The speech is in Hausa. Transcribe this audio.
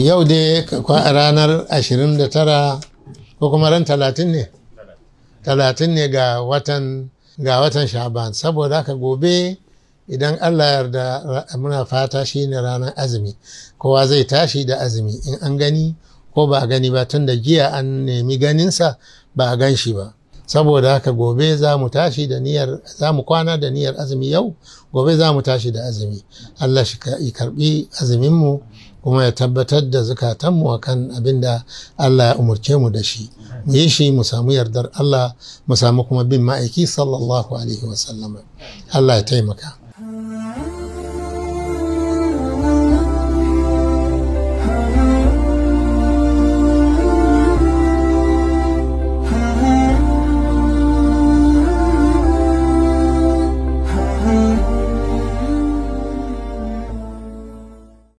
yau dai ranar 29 ko kuma ran 30 ne 30 ne ga watan ga watan sha'ban saboda haka gobe idan allah yarda muna fata shine ranar azumi kowa zai tashi da azumi in an gani ko ba a gani ba tun da giya an nemi ganinsa ba a gan shi ba saboda haka gobe za mu tashi da niyar za mu kwana da niyyar azumi yau gobe za mu tashi da azumi allah shi karbi azuminmu kuma ya tabbatar da zukatanmu a kan abin da Allah ya umarce mu da shi mu yi shi mu samu yardar Allah mu samu kuma bin ma'aiki sallallahu alaihi wasallama Allah ya taimaka